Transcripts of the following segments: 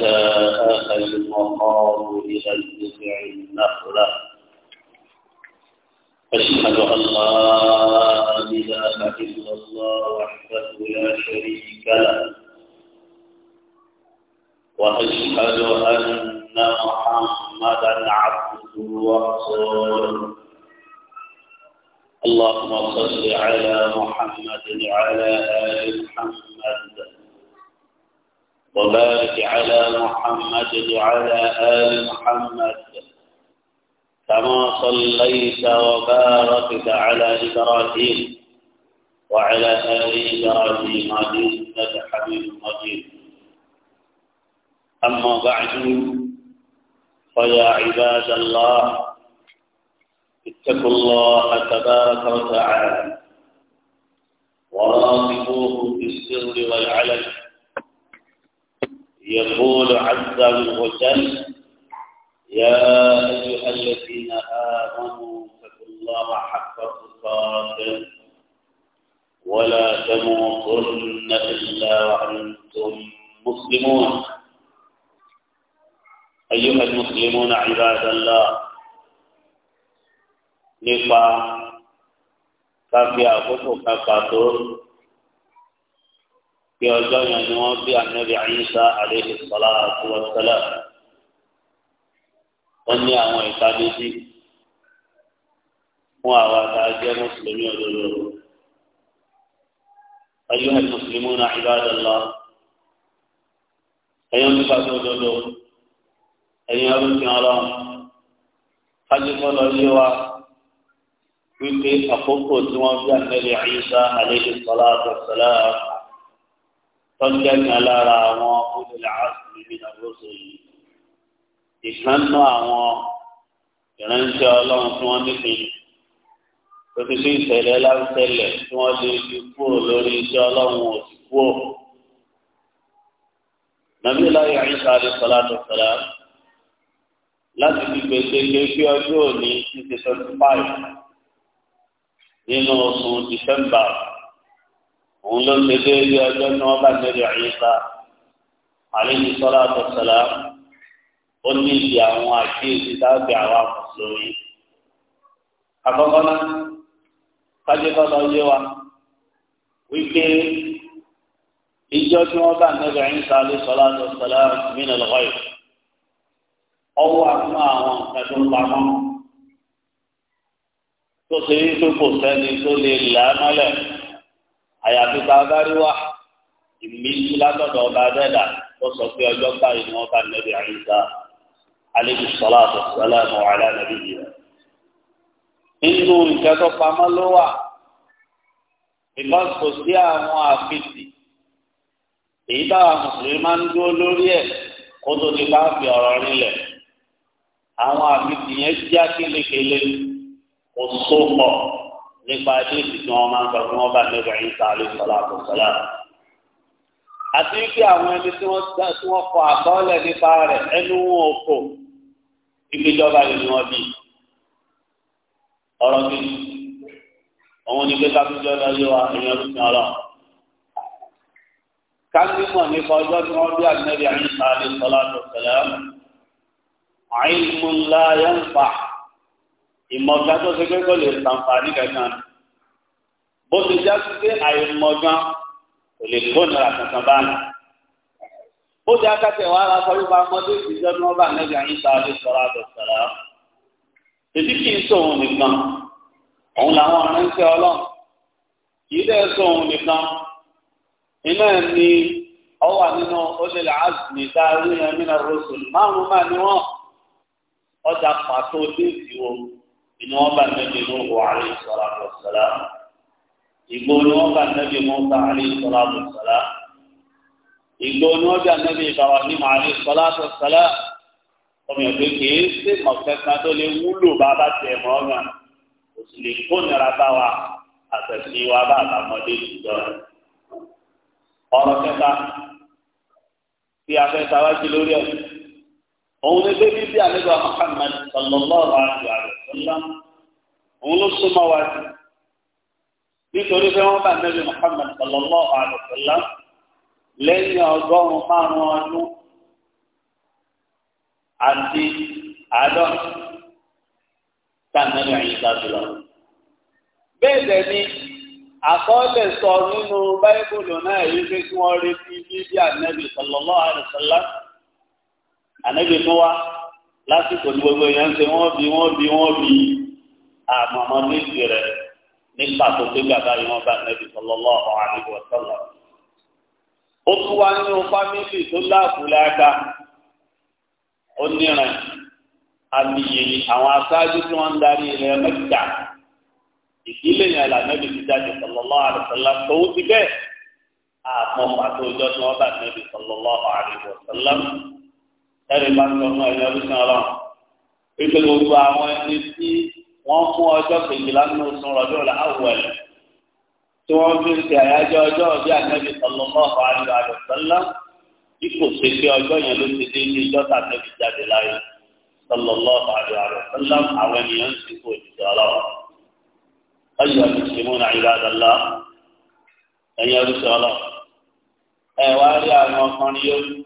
جاء المقام إلى الجزع النخلة أشهد أن لا إله إلا الله وحده لا شريك له وأشهد أن محمدا عبده ورسوله اللهم صل على محمد وعلى آل محمد وبارك على محمد وعلى آل محمد كما صليت وباركت على إبراهيم وعلى آل إبراهيم إنك حميد مجيد أما بعد فيا عباد الله اتقوا الله تبارك وتعالى وراقبوه بالسر والعلن يقول عز وجل يا أيها الذين آمنوا اتقوا الله حق تقاته ولا تموتن إلا وأنتم مسلمون أيها المسلمون عباد الله nípa كافي fi àkókò pé ọjọ́ yẹn ni wọ́n bí anabi ayisa aleyhi salatu wa salam wọ́n ní àwọn ìtàdéjì fún àwọn àtàjẹ́ mùsùlùmí òdodo ayé mùsùlùmí náà ibadallah ẹ̀yàn nípa tó òdodo ẹ̀yàn arúgbìn ọlọ́run kájíkọ́ yé wa wípé àkókò tí wọ́n bí anabi ayisa aleyhi salatu wa tọ́jọ́ kan lára àwọn olùlẹ̀ àásùnmí mi náà lóṣù yìí. ìkànnà àwọn ìránṣẹ́ ọlọ́run tí wọ́n nípìn tó ti fi ìṣẹ̀lẹ̀ láńṣẹ̀lẹ̀ tí wọ́n lè fi kúrò lórí iṣẹ́ ọlọ́run òsì kúrò. nàbí láyé àyíká àdé sọlá tó sọlá láti fi gbèsè kékeré ọjọ́ òní ti ti twenty five nínú oṣù December òun ló ṣe déédé ọjọ́ ní wọ́n bá nílò àyíká àlejò sọ́lá àtọ̀sọ́lá ó ní ìdí àwọn àkíyèsí dábì àwọn mùsùlùmí. àkọ́kọ́ náà kájẹ́kọ́ lọ yé wa wípé ìjọ tí wọ́n bá nílò àyíká àlejò sọ́lá àtọ̀sọ́lá mìíràn lọ́wọ́ yìí ọwọ́ àwọn àwọn nǹkan tó ń pamọ́ tó ṣe wípé kò sẹ́ni tó lè là á mọ́lẹ̀ àyàfi tá a bá rí wá ìmísí látọ̀dọ̀ ọba dẹ́dà tó sọ pé ọjọ́ báyìí ni wọ́n bá nẹ́bí àyíká aleyhi salatu salamu ala nabi yìí. nínú nǹkan tó pamọ́ ló wà because kò sí àwọn àfitì èyí táwọn mùsùlùmí máa ń dúró lórí ẹ̀ kó tó ti bá fi ọ̀rọ̀ rinlẹ̀ àwọn àfitì yẹn já kélékèlé kò sópọ̀ nípa déètì tí wọ́n máa ń sọ fún wọn bá nígbà yín sá lè sọlá àbò sọlá. àti wípé àwọn ẹni tí wọ́n kọ àkọọ́lẹ̀ nípa rẹ̀ ẹnu wọn ò kò ìgbéjọba yìí ni wọ́n bí. ọ̀rọ̀ mi òun ni pé kábíjọ́ lọ yé wa èèyàn ló fi ọlọ́ kábímọ̀ nípa ọjọ́ tí wọ́n bí àgbẹ̀bí àyíká lè sọlá àbò ìmọ̀gá tó ṣe pé kò lè ṣàǹfààní kankan bó ti já sí pé àìmọ̀gá kò lè kó nira kankan báyìí ó ti akásẹ̀ wà á sọ wípé ọmọdé ìṣiṣẹ́ tí wọ́n bá nẹ́bí àyín sá lè sọ̀rọ̀ àdọ̀sọ̀rọ̀ èyí kì í sòun nìkan òun làwọn aránṣẹ́ ọlọ́run kì í dẹ́ sòun nìkan iná ni ọwà nínú ọdẹlẹ azmi dáa rí ẹmí náà rọṣùn márùn máa ní wọn ọjà pàtó déètì wọn inú wọn bá nẹbi nuhu alayhi salatu wa salam igbó ni wọn bá nẹbi musa alayhi salatu wa salam igbó ni wọn bá nẹbi ibrahim alayhi salatu wa salam ọmọ ìgbé kìí ṣe mọ̀kẹ́kan tó lè wúlò bá bá tẹ̀ mọ́ ọ̀nà kò sì lè kó nira bá wa àtẹ̀sí wa bá àtàmọ́dé jùlọ. ọ̀rọ̀ kẹta tí a fẹ́ sáwájú lórí ẹ̀ òun ni bébí bí àlejò Muhammad sallallahu alaihi wa sallam sallam òun ló súnmọ́ wa sí nítorí pé wọ́n bá nẹ́bí Muhammad sallallahu alaihi wa sallam lẹ́yìn ọgọ́rùn-ún márùn-ún ọdún àti àádọ́rin tá nẹ́bí àyíká ti lọ. bẹ́ẹ̀ dẹ̀ ni àkọọ́lẹ̀ sọ nínú báíbùlù náà yìí pé kí wọ́n retí bíbí ànẹ́bí sallallahu alaihi ànẹ́bí tó wá lásìkò ní gbogbo èèyàn ṣe wọ́n bí wọ́n bí wọ́n bí àmọ́mọ́ méjì rẹ̀ ní pàtó tó gbàgbá yìí wọ́n bá nẹ́bí sallallahu alaihi wasallam. ó tún wá nínú fámìlì tó láàbù lága ó níran àmìyè àwọn aṣáájú tí wọ́n ń darí ilẹ̀ mẹ́ta ìdílé yẹn là nẹ́bí ti jáde sallallahu alaihi wasallam tó ti bẹ́ẹ̀ àmọ́ pàtó ìjọ tí wọ́n bá nẹ́bí sallallahu alaihi wasallam ẹ̀rí bá ń sọ fún ẹ̀yìn ọdún ọlọ́run ètò gbogbo àwọn ẹni tí wọ́n fún ọjọ́ kejìlá nínú oṣù rọ̀jò láwùwẹ̀lẹ̀ tí wọ́n fi ń ṣe àyájọ́ ọjọ́ ọbí ànábì sallallahu alaihi wa sallam bí ṣe pé ọjọ́ yẹn ló ti dé ní ìjọ́ta ànábì jáde láyé sallallahu alaihi wa sallam àwọn ènìyàn ń sìnkú òjijì ọlọ́run ọyọ mùsùlùmí ibadallah ẹ̀yìn ọdún ọlọ́run ẹ̀ wá rí àwọn ọkùnrin yóò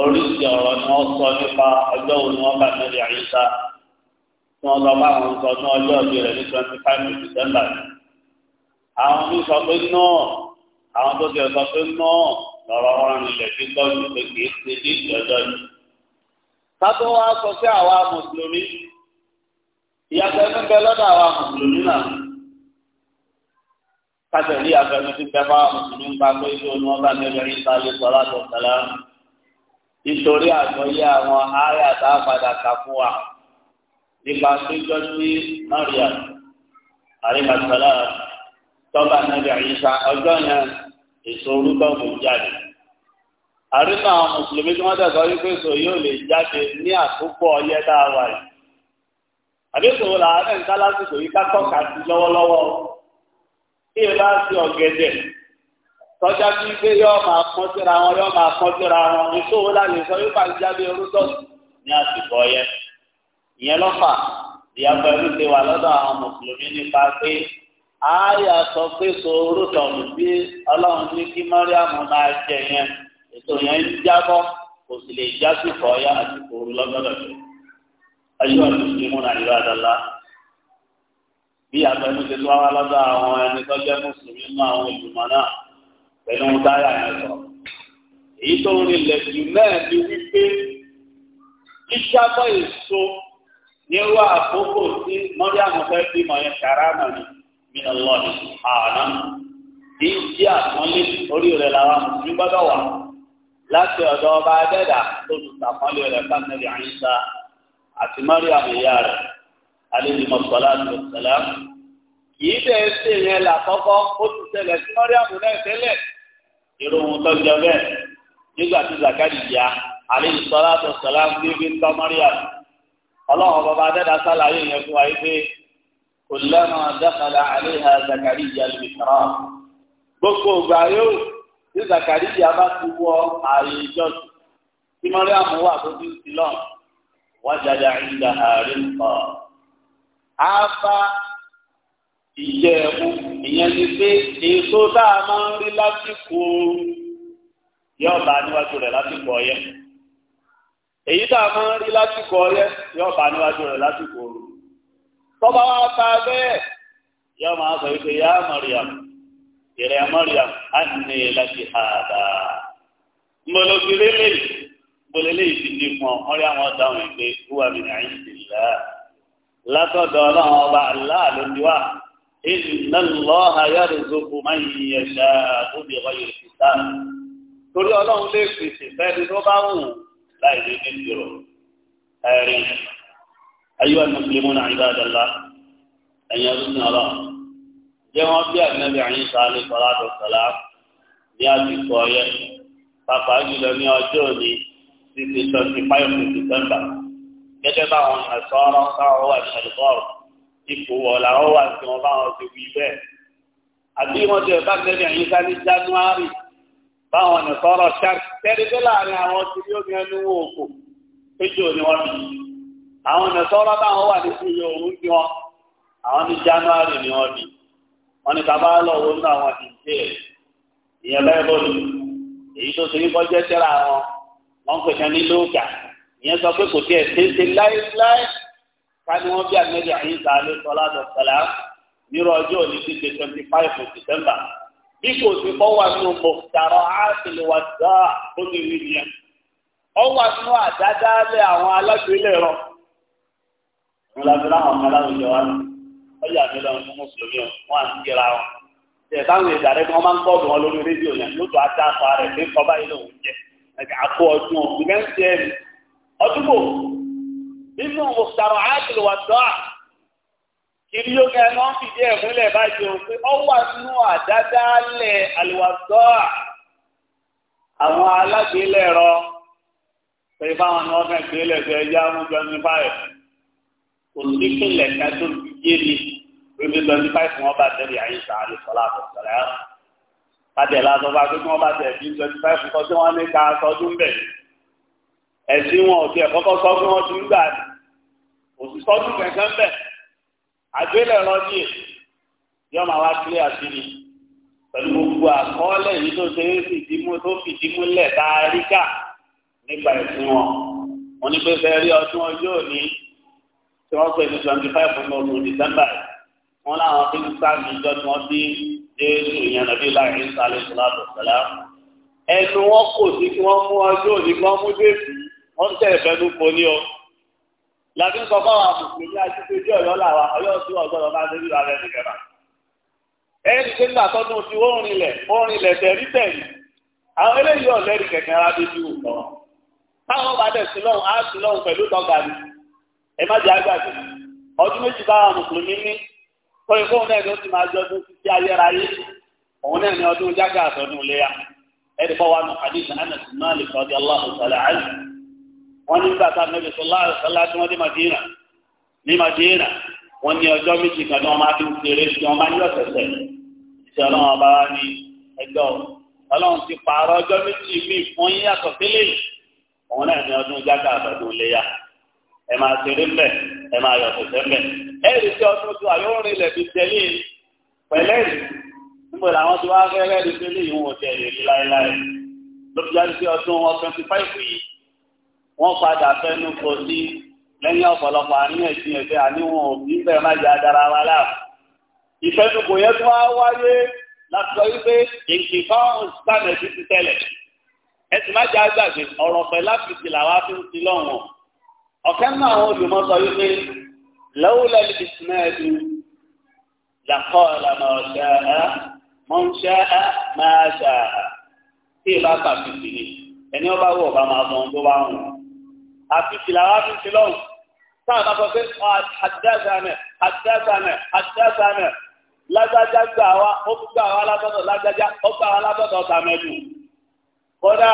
oríṣi ọ̀rọ̀ ni wọ́n sọ nípa ọjọ́ wo ni wọ́n bá nílẹ̀ àyíká tí wọ́n sọ bá àwọn sọ ní ọjọ́ òbí rẹ̀ ní twenty five december àwọn mi sọ pé náà àwọn tó ti sọ pé náà lọ́rọ̀ wọn nílẹ̀ tí tọ́jú pé kì í ṣe ní ìjọjọ́ yìí. sátó wa sọ sí àwa mùsùlùmí ìyàtọ̀ ẹni bẹ lọ́dọ̀ àwa mùsùlùmí náà kásẹ̀ àfẹnusí bẹ́ẹ̀ fáwọn mùsùlùmí ń pa pé kí wọn bá nílẹ̀ àyíká nítorí àgbọ́yé àwọn àyà tá a padà kà fún wa nípa péjọ sí Maria àríkàtàlá tọ́ba nàbẹ̀ àyíṣà ọjọ́ yẹn èso orúkọ kò jáde àrínà àwọn mùsùlùmí tí wọ́n tẹ̀sọ́ wípé èso yóò lè jáde ní àkókò ọyẹ́ tá a wà yìí àdéhùn làárẹ̀ ń ká lásìkò yìí ká tọ́ka sí lọ́wọ́lọ́wọ́ kí ẹ bá sí ọ̀gẹ̀dẹ̀ tọ́já sí pé yóò máa pọ́n síra wọn yóò máa pọ́n síra wọn ìṣòwò láàyè sọ yóò bá ń jáde orúkọ ní àsìkò ọyẹ ìyẹn lọ́fà ìyàgbọ́ ẹni ti wà lọ́dọ̀ àwọn mùsùlùmí nípa pé àáyà sọ pé sòrò tọ̀nù bí ọlọ́run ní kí mọ́ríàmù máa jẹ yẹn ètò yẹn ń jábọ́ kò sì lè já sí ìkọ̀ ọyá àsìkò òru lọ́gọ́dọ̀ tó ayé wà mùsùlùmí náà ìlú àdàlá bí ìyàgbọ́ ẹni ti lọ́wọ́ pẹ̀lú ohun táyà yẹn sọ. èyí tó ń rinlẹ̀ jù náà ni wípé ìṣàbọ̀ èso nírú àkókò tí mọ́ríàmù fẹ́ bímọ yẹn kàrámà ni mìíràn lọ́ọ̀nì àná ní ìdí àpọ́nlé orí rẹ̀ làwọn mùsùlùmí gbọ́dọ̀ wà láti ọ̀dọ̀ ọba adẹ́dà tó ti sàpọ́nlé rẹ̀ fáńtẹ́lì àyíṣà àti mọ́ríàmù ìyá rẹ̀ alẹ́dìmọ̀ sọlá àti ọ̀sẹ̀lá kìí bẹ́ẹ̀ ṣe yẹn làkọ́kọ́ ó ti ṣẹlẹ̀ sí mọ́ríàmù náà tẹ́lẹ̀ irú ohun tó jọ bẹ́ẹ̀ nígbà tí zakari yá alẹ́ ìsọ́lá tó sọ́lá ń gbé bí tọ́mọ́ríà ọlọ́run bàbá dẹ́dá sálàyé yẹn fún wa yìí pé kò lẹ́nu dákàlà alẹ́ ha zakari yá lè kọ́ra gbogbo ìgbà yóò tí zakari yá bá ti wọ ààyè ìjọsìn tí mọ́ríà mú wà tó ti ń sílọ̀ wájàdá ìdá ààrẹ ń kọ́ bá ìjẹ́ ẹ̀kú ìyẹn ni pé èso tá a máa ń rí lásìkò yóò bá níwájú rẹ̀ lásìkò ọyẹ́ èyí tá a máa ń rí lásìkò ọyẹ́ yóò bá níwájú rẹ̀ lásìkò ooru tọ́ba wa ta bẹ́ẹ̀ yóò máa sọ wípé yá Mariam ìrẹ̀ Mariam á ní láti àdá mbolokiri lè gbolele ìdíje fún ọ ọrẹ àwọn ọ̀tá wọn pé wúwa mi ní àyè sí látọ̀dọ̀ Ọlọ́run ọba aláàlóńdíwà inna Allaha yarzuqu man yasha'u bighayri hisab torí ọlọ́run lè pèsè fẹ́ni tó bá wù láì lè ní ìṣòro ẹ̀rí ayé al-muslimuna ibadallah ẹ̀yìn ọdún ní ọlọ́run jẹ́ wọ́n bí ànábì àyín sáré sọlá tó sọlá ní àsìkò ọyẹ pàpà jùlọ ní ọjọ́ òní títí twenty five december gẹ́gẹ́ báwọn ẹ̀sọ́ ọlọ́run táwọn wà bọ́ọ̀lù ipò ọ̀la ọ wà tí wọ́n bá wọn ti wí bẹ́ẹ̀. àbí wọ́n ti ọ̀tá tẹ́lẹ̀ ẹ̀yìn sá ní january báwọn ọ̀nà sọ̀rọ̀ shark tẹ́lẹ̀ pé láàrin àwọn ti rí omi ẹnu wọn òkò péjọ ni wọ́n bí. àwọn ọ̀nà sọ̀rọ̀ táwọn wà ní fúyọ òun bí wọn àwọn ní january ni wọ́n bí. wọ́n ní tàbá lọ́wọ́ nínú àwọn ìṣe ìyẹn bẹ́ẹ̀ bọ́ọ̀lù èyí tó ṣe kọ́ jẹ́ tẹ́lẹ̀ àwọn wọ́n pè káni wọ́n bí Ànábì Ìsá alayhi salatu wassalam nírọ̀ ọjọ́ òní ti di twenty five of December bí kò sí kọ́ wà nínú mọ̀tàrọ̀ áàtìlì wà dá tó ti rí nìyẹn ọ wà nínú àdádálẹ̀ àwọn alágbélé rọ wọn la fi láwọn ọmọ aláwùjọ wa lọ wọn yà mí lọ́wọ́ fún mùsùlùmí wọn à ń kíra wọn tẹ̀ táwọn ìdàrẹ́ kí wọ́n máa ń kọ́ ọ̀dùn wọn lórí rédíò yẹn lótú ajá àpá rẹ̀ pé kọ́ báyìí lòun jẹ àpò ọdún ọdún nínú mùsàrọ̀ áàtìlù wà dọ́à kiri yóò kẹ́ wọ́n fìdí ẹ̀ múlẹ̀ báyìí o pé ọ wà nínú àdádálẹ̀ àlùwàdọ́à àwọn alágbèélẹ̀rọ pé báwọn ni wọ́n fẹ́ gbélẹ̀ fẹ́ yá wọn twenty five kò sí kílẹ̀ ká tó fi yé mi wípé twenty five wọn bá tẹ̀lé àyíṣà àlùfọ́lá àtọ̀sọ̀rẹ́ á kájẹ̀ lásán bá pé kí wọ́n bá tẹ̀ bí twenty five kọ́ sí wọn ní ká sọdún bẹ̀ ẹ̀sìn wọn ò tiẹ̀ kọ́kọ́ sọ fún wọn gbà ní òṣìṣẹ́ ọdún kankan bẹ̀ àgbélẹ̀rọ ní è yọ máa wá kílé àṣírí pẹ̀lú gbogbo àkọọ́lẹ̀ yìí tó ṣe é fìdímú tó fìdímú lẹ̀ tá a rí kà nípa ẹ̀sìn wọn wọn ní pé fẹ́ rí ọdún ọjọ́ òní tí wọ́n pè ní twenty five ní oṣù dìsẹ́mbà wọn láwọn fi ń sáàmì ìjọ tí wọ́n bí jésù ìyànnà bíi láàrin ìsàlẹ̀ ìsàlẹ̀ ìsàlẹ̀ ẹnu wọn kò sí kí wọ́n mú ọjọ́ òní kí wọ́n mú jésù wọ́n tẹ̀ fẹ́ lábẹ́ nǹkan bá wa mùsùlùmí ajínigbé ọ̀yọ́ là wa ọ̀yọ́ sí ọ̀gbọ́dọ̀ máa ń débi ara ẹni kẹfà. ẹni tó ń ti orin lẹ̀ orin àwọn eléyìí ara táwọn bá sí á sí ni ẹ má àgbàdo ọdún méjì bá mùsùlùmí ní fóun náà ni ó ti máa ọdún títí ayérayé òun náà ni ọdún wọ́n ní gbàtà nẹ́bí sọlá sọlá tí wọ́n dé Madina ní Madina wọ́n ní ọjọ́ méjì kan ní wọ́n máa fi ń ṣeré tí wọ́n máa ń yọ̀ sẹ̀sẹ̀ ṣe ọlọ́run ọba wa ní ẹjọ́ ọlọ́run ti pààrọ̀ ọjọ́ méjì míì fún yín yàtọ̀ sílẹ̀ òun náà ní ọdún jágà àbẹ̀dùn léyà ẹ máa ṣeré mbẹ ẹ máa yọ̀ sẹ̀sẹ̀ mbẹ ẹ rí sí ọdún tó àyọ̀ rìn lẹ̀ tẹ́lẹ̀ yìí wọ́n padà fẹ́nu kò sí lẹ́yìn ọ̀pọ̀lọpọ̀ àríyànjiyàn pé àníwọ̀n òbí bẹ́ẹ̀ má jẹ́ adara wa láà. ìfẹ́nukò yẹn tó wá wáyé láti sọ wípé èkì fáwọn spanish ti tẹ́lẹ̀ ẹ sì má jẹ́ àgbàgbé ọ̀rọ̀ pẹ̀ láti ti làwa fi ń ti lọ́wọ́n. ọ̀kẹ́ náà àwọn olùmọ̀ sọ wípé lẹ́wọ́lẹ́ ìsìnẹ́ẹ̀dù làkọ́ ìlànà ọ̀ṣẹ́ ẹ̀ mọ̀ṣẹ́ ẹ̀ máa ṣà tí ìbá pàṣẹ sí ni ẹni ọba wọ̀ ọba máa sọ ohun tó bá àti fìlàwà fi ń ṣe lọ́wọ́ táwọn bá sọ pé àdásánà ah, àdásánà àdásánà lágbájá gbà wá ó gbà wá lábọ́dọ̀ lágbájá ó gbà wá lábọ́dọ̀ tàmẹ́lú kódà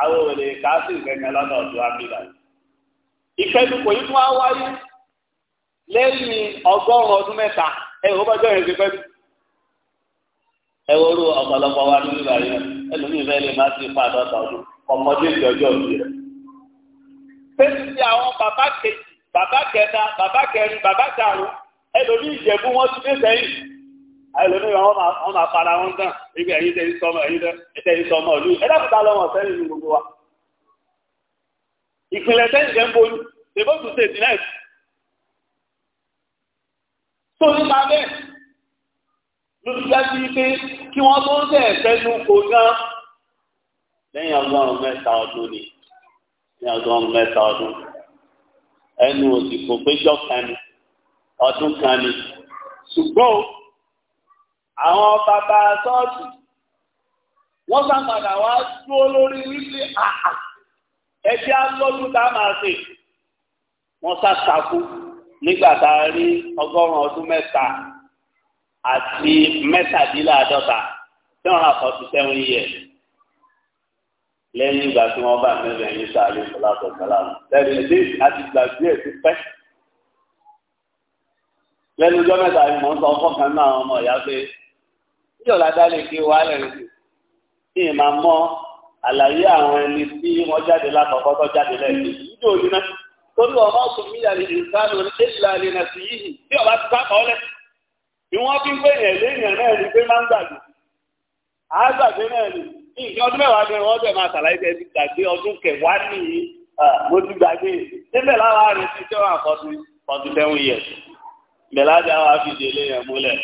àwọn òrèlè káàsì ìgbẹ́ni ọlọ́dọ̀ ọ̀dọ́ àbílà ìfẹ́dùkọ̀ yìí fún àwáyé lẹ́yìn ọgọ́rùn-ún ọdún mẹ́ta ẹ̀rọ bọ́jọ́ yẹn ti fẹ́dù ẹ̀rọ ọ̀pọ̀lọpọ̀ wa nínú ìbàdàn ẹlòmíì fẹ́ lè má sí fún àdọ́ta ọdún ọmọdé ìjọjọ́ òbí rẹ̀. Fẹ́mi ti àwọn bàbá kejì, bàbá kẹta, bàbá kẹrin, bàbá karùn-ún, ẹlòmí ìjẹ̀bú wọn ti dé sẹ́yìn. Ẹlòmí wọn máa para wọn gan, ibi ẹ̀yin tẹ̀yìn sọmọ ẹ̀yin tẹ̀yìn sọmọ ìlú. Ẹ dákúta lọ́wọ́ sẹ́yìn ní gbogbo wa. Ìpínlẹ̀ sẹ́yìn jẹ́ ń bolú, ìbọ̀dù sèdí náà. Tó nípa bẹ́ẹ̀, lójúgbà sí pé kí wọ́n tó ń tẹ̀ sẹ́nu kò gan lẹ́yìn ọgọ́rùn-ún mẹ́ta ọdún ni ní ọgọ́rùn mẹ́ta ọdún ẹnu òsì kò péjọ kan ni ọdún kan ni ṣùgbọ́n àwọn bàbá ṣọ́ọ̀ṣì wọ́n sàpàdà wá dúró lórí wípé àà ẹjẹ́ alọ́dún tá a máa ṣe wọ́n sàṣàkú nígbà tá a rí ọgọ́rùn ọdún mẹ́ta àti mẹ́tàdínláàádọ́ta tí wọ́n rà fọ́ọ̀tù sẹ́wọ̀n yẹn lẹ́yìn ìgbà tí wọ́n bá mẹ́rin ẹ̀yìn sáré ìfọláṣọ sàlámù lẹ́yìn èdè àti gbàgbé ẹ̀ ti pẹ́. lẹ́nu ọjọ́ mẹ́ta ni mò ń sọ fọ́kàn náà àwọn ọmọ ìyá pé níjọba dálé kí wàá lẹ́nu sí kí n máa mọ àlàyé àwọn ẹni tí wọ́n jáde lákọ̀ọ́kọ́ tó jáde lẹ́yìn ìjọ òní náà torí ọmọ ọ̀sùn mi yàrá ìsáré oníṣẹ́lá ni nà sí yìí tí ọba nǹkan ọdún mẹ́wàá ni wọ́n bẹ̀ máa ṣàlàyé tẹ́ ti gbàgbé ọdún kẹwàá nìyí mo ti gbàgbé níbẹ̀ láwa rẹ̀ ti tẹ́wọ́ àkọ́tù forty seven years ìbẹ̀lá bí àwọn afíjì eléyàn múlẹ̀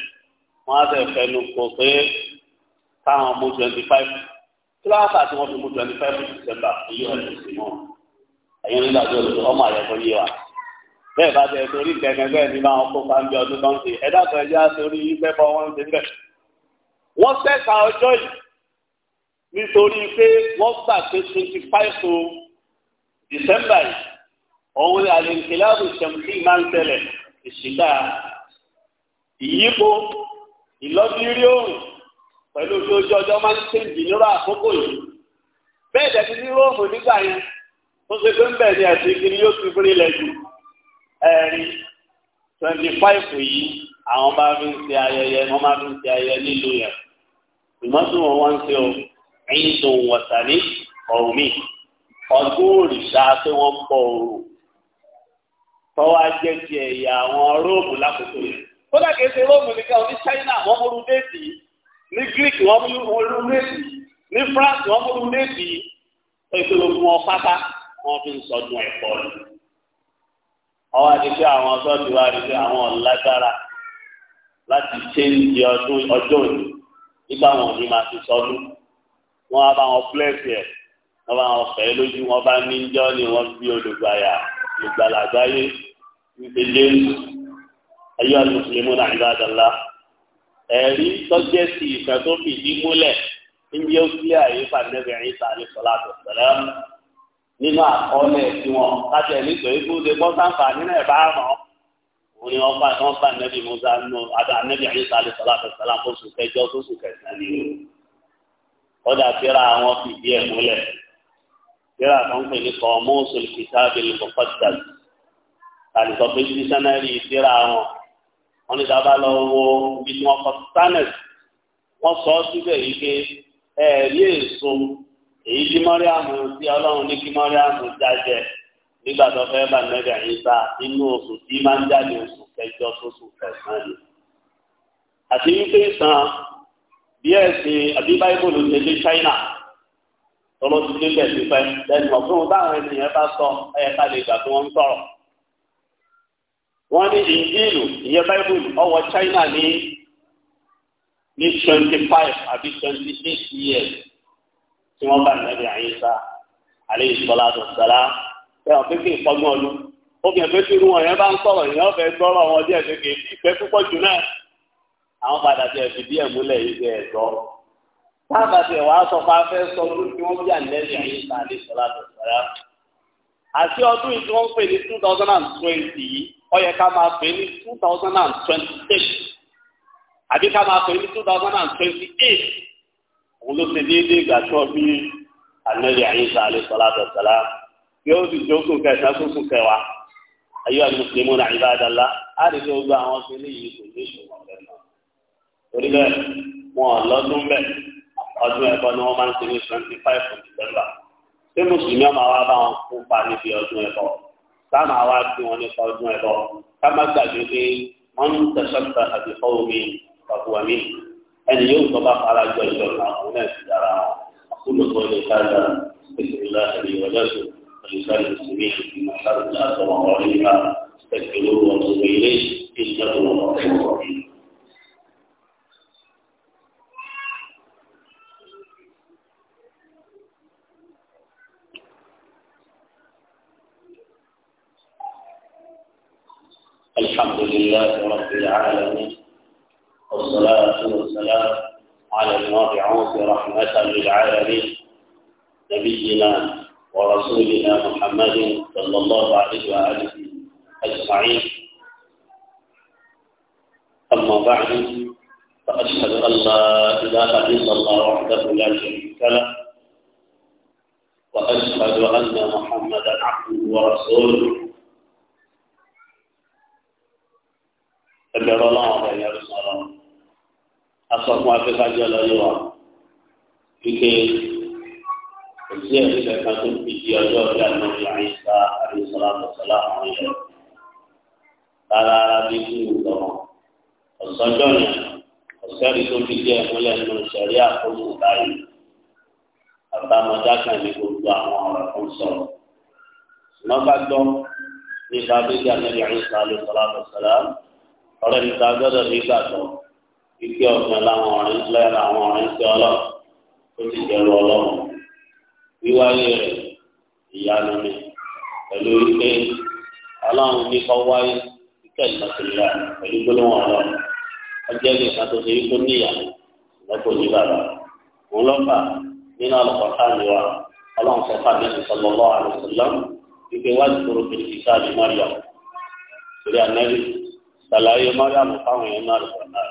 wọ́n á fẹ́ fẹnu kò pé káwọn mú twenty five kíláàsì tí wọ́n fi mú twenty five December iye ọ̀sẹ̀ sí mọ́ ẹ̀yin nígbà tó lọ ọmọ àyẹ̀kọ́ yé wa bẹ́ẹ̀ bá tẹ̀ torí kẹ̀kẹ́ bẹ́ẹ̀ ní nítorí pé wọ́n gbà pé twenty five o december yìí òun àlèkèláàbò ṣẹ̀mùtì máa ń tẹ̀lẹ̀ ìṣìdá ìyípo ìlọ́bírí òòrùn pẹ̀lú ojú ojú ọjọ́ máa ń tẹ̀jì nírọ̀ àkókò yìí bẹ́ẹ̀ dẹ̀bi ní róòmù nígbà yẹn tó ṣe pé ń bẹ̀ ní ẹ̀sìn kiri yóò ti fúri lẹ̀ jù ẹ̀rí twenty five yìí àwọn máa fi ń ṣe ayẹyẹ wọ́n máa fi ń ṣe ayẹyẹ nílùú yẹn ìmọ̀tún wọn wọ́n ń ṣe o ẹ̀yìndùn wọ̀sàní ọ̀mí ọdún òrìṣà pé wọ́n ń bọ̀ òru tọ́wọ́ ajẹ́ ti ẹ̀yà àwọn róòmù lákòókò yẹn. kódà kìí ṣe róòmù nìkan ní China wọ́n mú un déètì ní Greek wọ́n mú un déètì ní France wọ́n mú un déètì ètò ogun ọ̀pátá wọ́n fi ń sọdún ẹ̀kọ́ rẹ̀. ọwọ́ àti pé àwọn sọ́ọ̀tì wa rí pé àwọn ọ̀lágbára láti ṣe ń di ọdún ọjọ́ òní wọn ò máa fi sọdún wọ́n á bá wọn pílẹ̀sì ẹ̀ wọ́n bá wọn fẹ́ lójú wọ́n bá ní jọ́ ni wọ́n bí olùgbàyà olùgbàlàgbáyé ìgbèlè ayé alùsùlùmí náà ìgbà àdàlà ẹ̀rí tọ́jẹ́sì ìfẹ́ tó fìdí múlẹ̀ níbi ó kílẹ̀ àyè fàdínẹ́bẹ̀ ẹ̀yìn sàlẹ̀ sọlá àtọ̀sẹ̀lẹ̀ nínú àkọọ́lẹ̀ tí wọn nítorí kó lè bọ́ nínú ẹ̀ bá mọ́ òun ni wọ́n fà tí wọ́n fà nẹ́bí musa nù àtànẹ́bẹ̀ ẹ̀yìn sàlẹ̀ sọlá àtọ̀sẹ̀lẹ̀ kó sùn kẹjọ tó sùn kẹsàn-án kọ́dà tíra àwọn fìdí ẹ̀ múlẹ̀ tíra kan pè ní Qamusul Kitabil Muqaddas tàbí sọ pé dísánárì tíra wọn wọn ní sábà lọ wo bí wọn kọ sánẹt wọn sọ ọ yìí pé ẹ̀ẹ́dí èso èyí tí mọ́ríàmù tí ọlọ́run ní kí mọ́ríàmù jáde nígbà tó fẹ́ bá nẹ́gà yín sá inú oṣù tí máa ń jáde oṣù kẹjọ sóṣù kẹsàn-án ni àti wípé sàn bí ẹ̀sìn àbí báíbòlù ṣe dé China tọ́lọ́ ti dé bẹ́ẹ̀ ti pẹ́ lẹ́nu ọ̀fún báwọn ènìyàn bá sọ ẹ̀ka lè gbà tí wọ́n ń sọ̀rọ̀. wọ́n ní ìjìnlù ìyẹn báíbòlù ọwọ́ China ní ní twenty five àbí twenty six years tí wọ́n bá nàbí àyíṣà alayhi salatu wassalam ẹ̀hàn pé kí ìfọgbọ́n ọdún ó fi hàn pé tí irú wọn yẹn bá ń sọ̀rọ̀ ìyẹn ọ̀fẹ́ gbọ́rọ̀ wọn díẹ̀ àwọn padà tẹ fi díẹ̀ múlẹ̀ yìí tẹ ẹ̀tọ́ sábà tẹ wàá sọ fún afẹ́ sọ fún tí wọ́n bí àlẹ́lẹ́ yìí ta lè sọ láti sọ́ra àti ọdún yìí tí wọ́n ń pè ní two thousand and twenty yìí ó yẹ ká máa pè ní two thousand and twenty eight àbí ká máa pè ní two thousand and twenty eight òun ló ti déédéé ìgbà tí wọ́n bí àlẹ́lẹ́ yìí ta lè sọ láti sọ́ra yóò ti jókòó kẹsàn-án tó kún kẹwàá ayé àlùmùsùlùmí náà ìbáradàlá á lè tó gbọ́ àwọn ọ̀sẹ̀ ní ìyẹn kò ní ìṣòwò ọ̀rẹ́ náà torí bẹ́ẹ̀ wọn lọ́dún bẹ́ẹ̀ ọdún ẹ̀kọ́ ni wọ́n máa ń ṣe ní twenty five of December ṣé mùsùlùmí ọmọ wa bá wọn kópa níbi ọdún ẹ̀kọ́ táwọn àwa bí wọn nípa ọdún ẹ̀kọ́ ká má gbàgbé pé wọ́n ń tẹ̀sọ́tà àti fọ́ọ̀mì ọ̀bùwàmí ẹni yóò tó bá fara jọ ìjọba àwọn náà ti dára àkúlùkọ́ ilé káàdà ìṣèlú ìwọ̀lẹ́sùn ولسان المسلمين في محل الأرض وقريبها استكبروه وانظروا إليه إنه هو الرحيم العالمين والصلاة والسلام على المبعوث رحمة للعالمين نبينا ورسولنا محمد صلى الله عليه وآله أجمعين أما بعد فأشهد أن لا إله إلا الله وحده لا شريك له وأشهد أن محمدا عبده ورسوله ẹgbẹ̀rún ọlọ́run ọ̀rọ̀ ìyẹn ló sọ̀rọ̀ aṣọ fún afẹ́fájọ́ lọ́yọ̀ wa wípé kò sí ẹ̀rí kankan tó fi di ọjọ́ bí àlọ́yọ̀ àyíṣà àdìsọ́lá àtọ̀sọ́lá àwọn ilẹ̀ rárá rárá bí kí n lọ yẹn ọ̀sẹ́rì tó fi di ẹ̀múlẹ̀ nù sẹ̀rí àkóso báyìí àbámọ́já kan ní gbogbo àwọn ọ̀rọ̀ tó ń sọ̀rọ̀ ṣùgbọ́n bá gbọ́ nípa bí àlọ́yọ̀ àyíṣà àdìsọ́lá àtọ̀sọ́lá ọ̀rọ̀ níta gbọ́dọ̀ ní ìgbàgbọ́ ike ọ̀gbìn láwọn ọ̀rìn lẹ́ra àwọn ọ̀rìn sí ọlọ́run tó ti jẹ́rú ọlọ́run wíwáyé rẹ̀ ìyanu mi pẹ̀lú ike ọlọ́run ní kọ́ wáyé ike ìlọsílẹ̀ pẹ̀lú gbólóhùn ọlọ́run ọjọ́ ìgbà kan tó ṣe ikú níyàwó lọ́pọ̀ ní bàbá òun lọ́pà nínú àlùkọ́tà ni wa ọlọ́run sọ fún àbẹ́sì sallallahu alaihi wasallam sàlàyé mọ́ríàmù fáwọn èèyàn náà lọ́wọ́ náà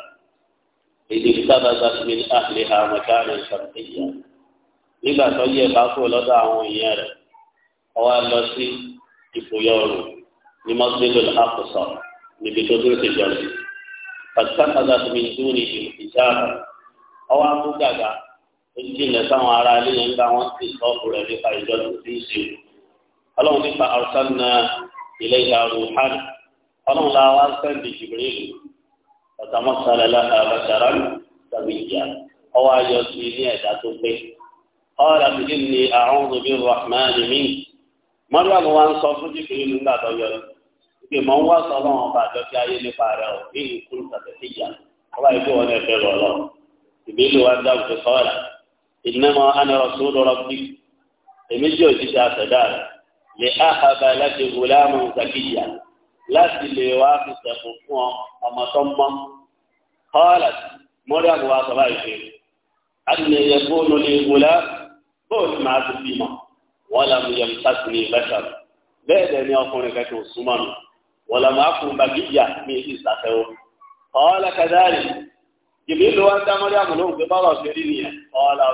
èdè sábàbà mi àlè àmọ̀ká rẹ̀ sàkíyà nígbà tó yẹ bá kó lọ́dọ̀ àwọn èèyàn rẹ̀ ọwọ́ lọ sí ìfòyọ́rù ní mọ́sílẹ̀ àkùsọ̀ níbi tó tó ti jọ̀lẹ̀ pàtàkàdà mi dúró ní ìjáàbà ọwọ́ akúgàgà ó jìnlẹ̀ sáwọn ará ilé yẹn nígbà wọ́n sì sọ́ọ̀bù rẹ̀ nípa ìjọ tó ti ń ṣe ọlọ́run nípa àrùsánná ilé ìyá rúhánì ọlọ́run la wá sẹ́ndì jìbìrìlì ọ̀tàmọ́sálẹ̀ lọ́sàrán sàbíyà ọwọ́ ayọ̀ sí ní ẹ̀dá tó pé ọ̀rọ̀ àbílí ni àwọn òbí rahman mi mọ́lúwà ló wá ń sọ fún jìbìrìlì nígbà tó yọ ìgbè mọ́ ń wá sọ ọlọ́run ọba àjọ kí ayé nípa rẹ̀ ò bí ìkúrú sàbẹ̀síyà ọba ìgbé wọn ẹ̀fẹ́ rọ̀ lọ ìbílẹ̀ wa dáhùn tó sọ́ọ̀rà ìnáma anarọ̀ sódò rọ́bì èmi jẹ́ òjijì àtẹ̀dá rẹ̀ lè áhàbà láti gùlámù zakiya láti lè wá fi sẹ̀kùn fún ọ ọmọ tó ń mọ́. kọ́ọ̀lá mọ́rí àgbà sọ báyìí pé adìyẹ yẹ fóònù ní ìgbòlá bóòlù máa ti bímọ wọn làmú yẹn sáti ní ìbẹ́sà bẹ́ẹ̀ dẹ̀ ni ọkùnrin kẹ́kẹ́ òsúnmọ́ nù wọn làmú akùn bàgíjà ní ìsàfẹ́wọ́. kọ́ọ̀lá kadàrí jìbìlì wọn dá mọ́rí lóhùn pé bọ́ọ̀lù ṣe rí nìyẹn kọ́ọ̀lá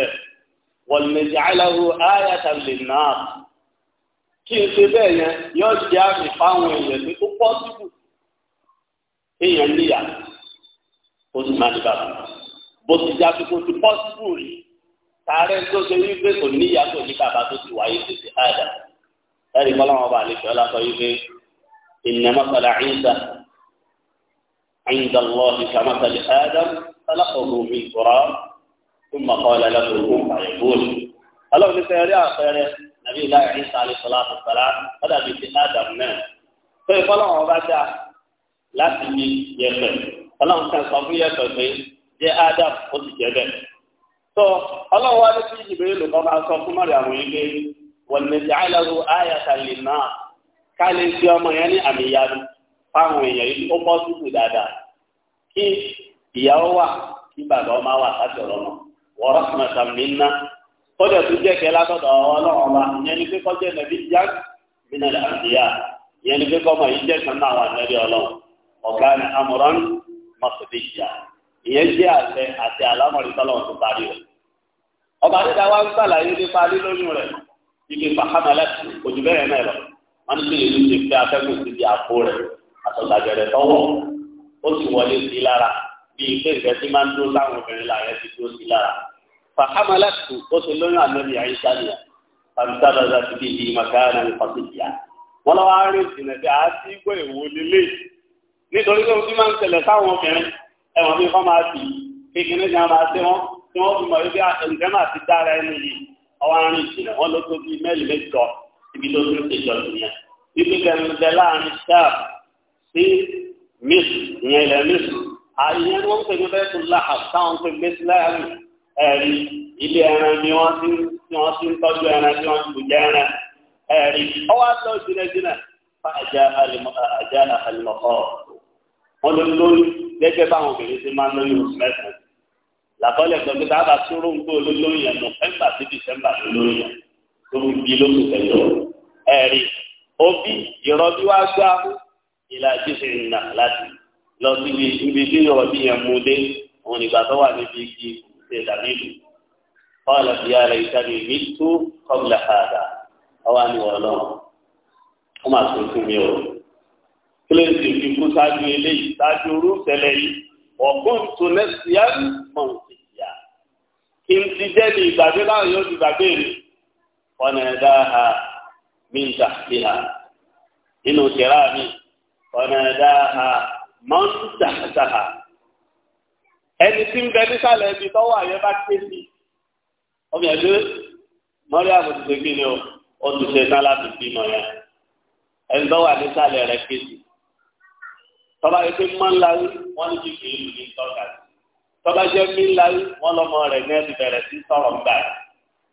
rọ wọ̀lùmẹ̀jáìláwò ayàtà lè náà kí n ṣe bẹ́ẹ̀ yẹn yóò jẹ́ àmì fáwọn èèyàn ní tó pọ́sibù èèyàn níyà ó sì máa ní bàbá bó ti já pé kó ti pọ́sibù rí tààrẹ tó ṣe wípé kò níyà tó ní bàbá tó ti wáyé tètè àdà ẹ̀rí kọ́láwọn ọba àlejò ọlọ́kọ̀ wípé ìnáwó sọ̀rọ̀ àyíǹda àyíǹda lọ́ọ̀dì kàmáfẹ́lẹ́ àdà sálàkọ̀ọ́ ثم قال له قم فيقول الله نسير آخر نبي الله عيسى عليه الصلاة والسلام هذا بيت آدم نعم فيقولون وبعد لا تجي يسر الله كان صفي يسر جاء آدم قد جبل so ọlọ́run wá létí ìbéèrè ló bá sọ fún mọ́rẹ̀ àwọn ilé wọ̀lẹ́dẹ́àlẹ́rù ayàtàlẹ̀ náà ká lè fi ọmọ yẹn ní àmì ìyanu fáwọn èèyàn yìí ó bọ́ síkù dáadáa kí ìyàwó wà kí bàbá ọmọ wà láti ọ̀rọ̀ náà wọ́rọ́ mẹ́tàmì ńlá kọ́dọ̀ tó jẹ́ kẹ́ látọ̀dọ̀ ọlọ́run ọba ìyẹn ni pé kọ́jẹ́ nàbí jack bínú àdìyà ìyẹn ni pé kọ́mọ yìí jẹ́ kan náà wà nẹ́bí ọlọ́run ọ̀gá ni amúrán mọ̀sídìyà ìyẹn jẹ́ àṣẹ àti àlámọ̀rí tọ́lọ́run tó parí rẹ̀ ọba dídá wa ń sàlàyé nípa lílóyún rẹ̀ ibi fàhámà lẹ́sìn ojú bẹ́ẹ̀ náà lọ wọn ti lè lóye pé bí ilé ìfẹ́ tí máa ń dúró láwọn obìnrin láàrẹ ti dúró sí lára. fàhámà láti ó ti lóyún ànábì àyíṣà nìyà bàbá ti di ìdí màkàrà ní pàtìkìyà. wọ́n lọ́wọ́ á rìn jìnnà bí àti ìgbọ́ èwo nílé nítorí pé wọ́n ti máa ń tẹ̀lẹ̀ sáwọn obìnrin ẹ̀wọ̀n bí wọ́n máa ti kékeré ni a máa ṣe wọ́n tí wọ́n fi mọ̀ wípé ah, ǹjẹ́ máa ti dára ẹni yìí ọwọ́ á rìn jìnnà ló tó bí mẹ́lì mẹ́jọ ibi tó tún ṣe jọ nìyẹn. ibi kẹrin bẹ láàrin sáà sí mí ìyẹn ilẹ̀ mí ààyè ni wọ́n ń pè ní bẹ́ẹ̀tù láhà táwọn pè mẹ́sìláàmù ẹ̀rí ilé ẹran ni wọ́n ti ń wọ́n ti ń tọ́jú ẹran tí wọ́n ti kù jẹ́ ẹran ẹ̀rí ọwọ́ àti lọ́ọ̀ jìnnàjìnnà fàájà àjà àlùmọ̀kọ́ wọn ló lórí gẹ́gẹ́ báwọn obìnrin ti máa ń lóyún oṣù mẹ́sàn-án làkọ́lẹ̀ sọ pé táàbà sóró ń gbó lóyún yẹn nọ́fẹ̀mbà sí dìsẹ́mbà lóyún yẹn tó ń bí lóṣù tẹ̀lé ẹ̀rí òbí ìrọ̀bí wá gbá ìlàjì ìrìnà láti lọ síbi ibi tí yọ̀rọ̀ bí yẹn mú dé òun ìgbà tó wà níbi igi ṣe dàbí ìlú kọ́ọ̀lù ìyá rẹ̀ ìtàgé mi tó kọ́ọ̀lù àdá ọwọ́ àníwọ̀ ọlọ́run ó mà sọ fún mi o kí ló ń sì fi eléyìí ṣáájú orú tẹ́lẹ̀ yìí ọ̀gbọ́n tó lẹ́sìyàn mọ̀ sí ìyá kí n ti jẹ́ ní ìgbàgbé láwọn yóò ti gbàgbé mi ọ̀nà ẹ̀dá ha mi ń tà sí ha nínú kẹrà mi ọ̀nà ẹ̀dá ha mọ́tàtàhà ẹni tí ń bẹ nísàlẹ̀ ibi tọ́wọ́ àyẹ́ bá ké sí ọmọ ẹ̀dẹ́ mọ́ríà kò ti ṣe kí ni o ó ti ṣe ná láti bímọ yẹn ẹni tọ́wọ́ ànísàlẹ̀ rẹ̀ ké sí tọ́ba yìí pé mọ́ ńlá yìí wọ́n ní kìkì ìlú ní tọ́ka tọ́ba jẹ́ mí ńlá yìí wọ́n lọ́mọ rẹ̀ ní ẹ̀sìn bẹ̀rẹ̀ sí sọ̀rọ̀ ńgbà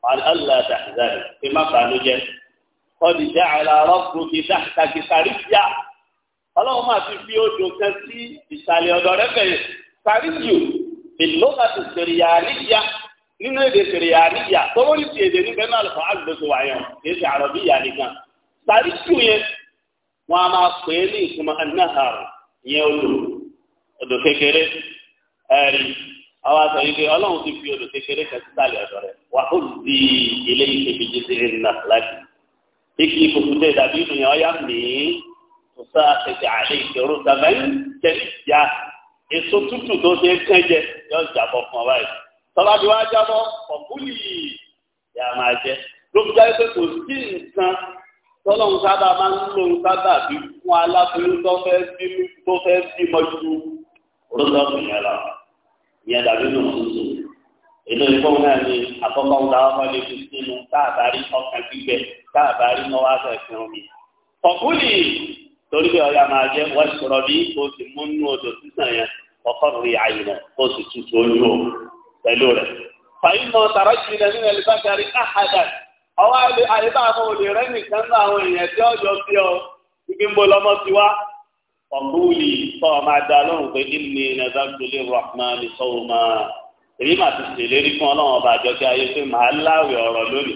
aláàdàdàdà ẹ má jẹ́ kọ́ni ọlọ́run máa fi fi odò kan sí ìsàlẹ̀ ọ̀dọ̀ rẹ fẹ̀yẹ̀ sàríjù ìlọ́gà tó sèrìyà àríyá nínú èdè sèrìyà àríyá tọ́wọ́ ní ti èdè níbẹ̀ náà lọ́kọ̀ àgbẹ̀sọ̀ wáyọ̀ kìí ṣe àrọ̀bí ìyá nìkan sàríjù yẹn wọn a máa pè é ní ìtumọ̀ anáhàr yẹn odò odò kékeré ẹ̀rí àwọn àtọ̀ yìí pé ọlọ́run ti fi odò kékeré kan sí ọ̀dọ̀ rẹ wà ó di ilé ìṣèjì sí ìrìnà láti ikú ìkòkòtò ìdàbí ìdùnnú ọ̀yá mìíràn ọ̀sá ẹ̀jẹ̀ àlẹ́ ìṣòro tàbí jẹ́ ìjà èso tútù tó ṣe kẹ́jẹ yóò jábọ̀ fún ọ báyìí tọ́lá bí wàá jábọ̀ ọ̀kúlì yà máa jẹ ló fi jáde pé kò sí nǹkan tọ́lọ́hún sábà máa ń lò ń sábà bí fún aláboyún tó fẹ́ bímú tó fẹ́ bímọ ju rọ́dọ̀tù yẹn lọ ìyẹn dàbí nù tuntun èlò ìfowó náà ni àkọ́kọ́ ń dáwọ́ fọ́lé fi sínú táàbárí ọkàn gbígbẹ táàbárí mọ́wá fẹ́ fún mi ọ̀kúlì torí pé ọ̀yà máa jẹ́ wọ́n sọ̀rọ̀ bí o sì mú nú odò sísan yẹn ọkọ̀ rí àyìnà o sì tutù ojú o pẹ̀lú rẹ̀. fàyín náà tàrà jù lẹ́nu ẹ̀lú bá kárí àhàdà ọwọ́ àlè àyíká àwọn olè rẹ̀ nìkan náà àwọn èèyàn tí ọjọ́ sí ọ ibi ń bọ lọ́mọ ti wá. ọ̀gbúnlì tó o máa da lóhùn pé inni nazartuli rahman sọ́wọ́mà èyí máa ti ṣèlérí fún ọlọ́run ọba àjọkẹ́ ayé pé màá láwẹ̀ ọ̀rọ̀ lónìí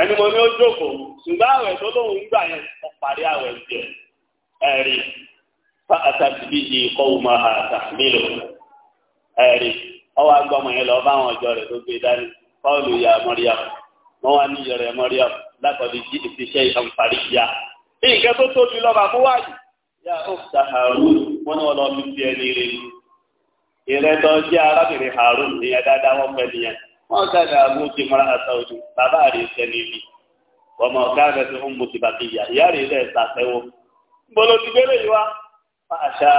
ẹni mo ní ó jókòó ṣùgbọ́n àwẹ̀ tó lóun gbà yẹn ó parí àwẹ̀ jẹ ẹ̀rí fa àtàkìbí di kọ́wù máa àtàkìbílò ẹ̀rí ọwọ́ agbọ́mọ yẹn lọ bá àwọn ọjọ́ rẹ̀ tó gbé dání Pọ́ọ̀lù ya Mọ́ríà wọ́n wá ní ìyẹrẹ Mọ́ríà lákọ̀ọ́dí jí ìfiṣẹ́ ìfàǹfàrí ya nǹkan tó tóbi lọ́ba fún wáyé ya ó ta Harun wọn náà lọ fi ti ẹni rẹ ìrẹ́tọ́ jẹ́ arábìnrin Harun ìyẹn dáadáa wọ́n pẹ́ nìyẹn. wọ́n sáré àgbo ti mọ́ra ojú bàbá rẹ̀ sẹ́ni bí ọmọ ọ̀gá rẹ̀ ti ti bàtí ìyá ìyá rẹ̀ rẹ̀ sàtẹ́wọ́ gbọ́dọ̀ ti gbélé yìí wá fàṣà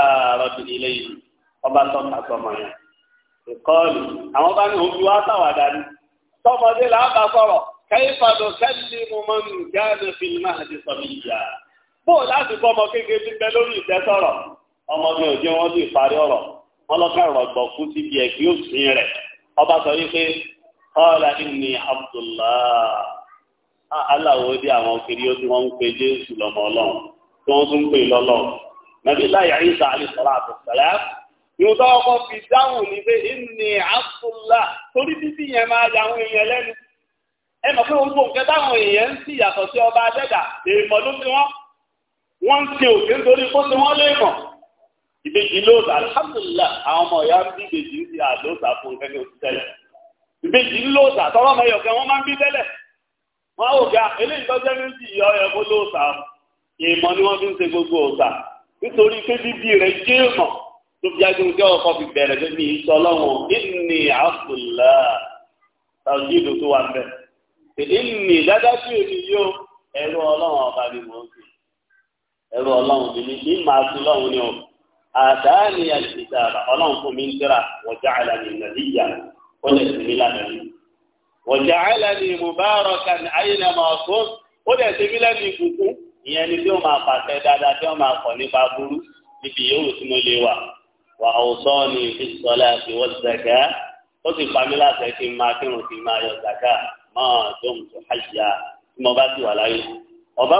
ọba yẹn ìkọ́ọ̀lù àwọn bá ní ojú wa sàwádà tọmọdé là bá sọ̀rọ̀ kẹ́lí mo jáde fi máa di sọmi ìyá ti lórí ìtẹ́ ọmọ kọ́ọ̀lá ìní Abdullah ah, aláwo dé àwọn kiri ó tí wọ́n ń pe Jésù lọ́mọ ọlọ́run tí wọ́n tún ń pè lọ́lọ́run nàbí láyà Ìsá àlìsọ́lá àtọ̀sẹ̀lá ìwòtọ́ ọkọ fi dáhùn ní pé ìní Abdullah torí títí yẹn máa ya àwọn èèyàn lẹ́nu ẹ mọ̀ pé gbogbo nǹkan táwọn èèyàn ń sì yàtọ̀ sí ọba adẹ́dà èèmọ̀ ló fi wọ́n wọ́n ń ṣe òkè nítorí kó ti wọ́n lé mọ̀ ìbejì lóòtà alhamdulillah àwọn ọmọ ìyá ń ń ṣe àlóòtà fún kẹ́kẹ́ òṣìṣẹ́ yẹn ìbejì ń lòòsà tọ́rọ ọmọ ẹyọ̀kẹ́ wọ́n máa ń bí tẹ́lẹ̀ wọ́n á wò ga eléyìí tọ́jọ́ méjì yọ ẹ̀kọ́ lòòsà ìmọ̀ ni wọ́n fi ń ṣe gbogbo òòsà nítorí pé bíbí rẹ̀ jẹ́ ìmọ̀ tó fi ajé oúnjẹ ọkọ̀ fi bẹ̀rẹ̀ pé mi sọ lọ́wọ́n ìní àfùlà tàbí ìlú tó wà bẹ̀ ìní dáadáa sí èmi yóò ẹ̀rọ ọlọ́run ọba ni mò ń sè ẹ̀rọ ọlọ́run mi ní ìmọ̀ àti ọlọ́run ni ọ̀ àdáni àti ìtara ọlọ́run fún mi ń tẹ́ra wọ́n já àlàyé nàìjíríà ó lè sì mí lánàá rí. ọ̀jà àìlẹ́ni mubarakan àyìnlá máa tó ó lè sì mí lẹ́nu ìkùkù ìyẹn ni bí ó máa pàṣẹ dáadáa bí ó máa kọ̀ nípa burú níbi yòówù tí mo lè wà. wà á sọ ni ìsọlá àti wọ́n zàkà ó sì pa mí láṣẹ kí máa kí n máa yọ zàkà máa tó tó hajjá tí mo bá ti wà láyé. ọ̀bá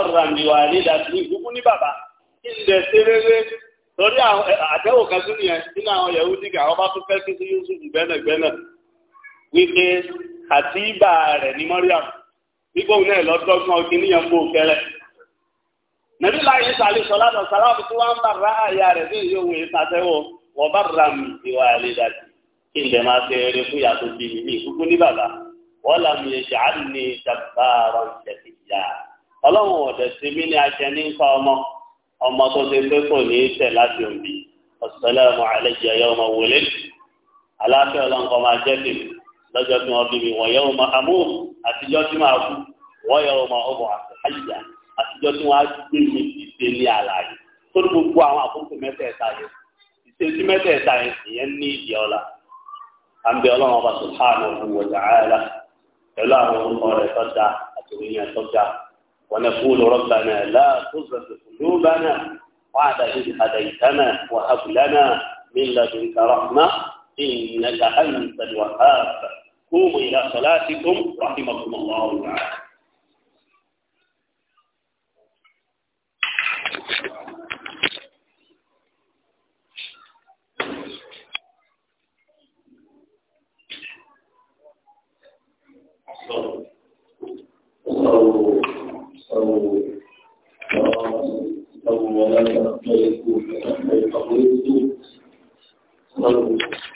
rẹ̀ wípé àti ibà rẹ̀ ní Mariam wípé òun náà lọ́dọ́gbọ́n ọdún níyàn kó kẹrẹ. nàbí láàyè sàlẹ̀ sọlá lọ sàlá fi wá ń bá ra àyà rẹ̀ bí ìyóò wòye sàtẹ́wọ̀ wọ́n bá ra mi ìwà àlè dàtí kí n dẹ̀ máa ṣe eré fún yàtọ̀ bí mi ní ìkúkú ní bàbá wọ́n làm yẹ ṣàánú ní ní aṣẹ ní nǹkan ọmọ ọmọ tó ti pé kò ní í tẹ̀ láti lọ́jọ́ tí wọ́n bí mi wọ̀nyẹ́ wọn máa mú àtijọ́ tí máa kú wọ́nyẹ́ wọn máa ọmọ àtàyà àtijọ́ tí wọ́n á gbé mi ìṣe ní àlàyé tó ní gbogbo àwọn àkókò mẹ́tẹ̀ẹ̀ta yẹn ìṣe sí mẹ́tẹ̀ẹ̀ta yẹn ìyẹn ní ìdí ọ̀la ọlọ́run ọba إنك أنت الوهاب قوموا إلى صلاتكم رحمكم الله تعالى Thank you.